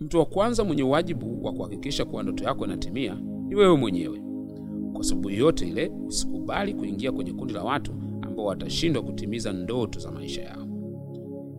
Mtu wa kwanza mwenye wajibu wa kuhakikisha kuwa ndoto yako inatimia ni wewe mwenyewe. Kwa sababu yoyote ile, usikubali kuingia kwenye kundi la watu ambao watashindwa kutimiza ndoto za maisha yao.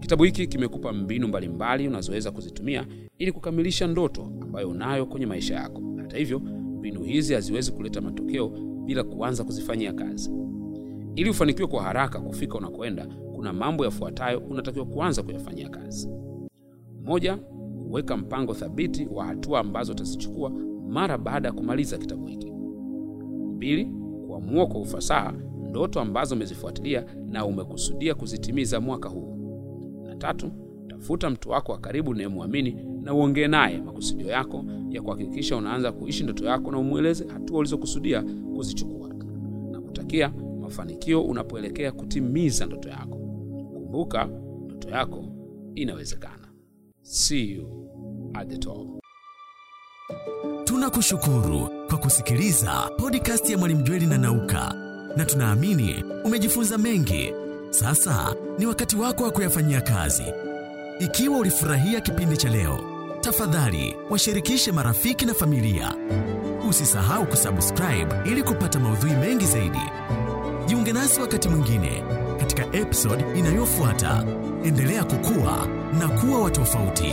Kitabu hiki kimekupa mbinu mbalimbali unazoweza kuzitumia ili kukamilisha ndoto ambayo unayo kwenye maisha yako. Hata hivyo, mbinu hizi haziwezi kuleta matokeo bila kuanza kuzifanyia kazi. Ili ufanikiwe kwa haraka kufika unakoenda, kuna mambo yafuatayo unatakiwa kuanza kuyafanyia kazi. Moja, kuweka mpango thabiti wa hatua ambazo utazichukua mara baada ya kumaliza kitabu hiki. bili kuamua kwa ufasaha ndoto ambazo umezifuatilia na umekusudia kuzitimiza mwaka huu. Na tatu, tafuta mtu wako wa karibu unayemwamini na uongee naye makusudio yako ya kuhakikisha unaanza kuishi ndoto yako na umweleze hatua ulizokusudia kuzichukua. Na kutakia mafanikio unapoelekea kutimiza ndoto yako. Kumbuka, ndoto yako inawezekana. See you at the top. Tunakushukuru kwa kusikiliza podcast ya Mwalimu Jweli na Nauka na tunaamini umejifunza mengi. Sasa ni wakati wako wa kuyafanyia kazi. Ikiwa ulifurahia kipindi cha leo, tafadhali washirikishe marafiki na familia. Usisahau kusubscribe ili kupata maudhui mengi zaidi. Jiunge nasi wakati mwingine katika episode inayofuata endelea kukua na kuwa wa tofauti.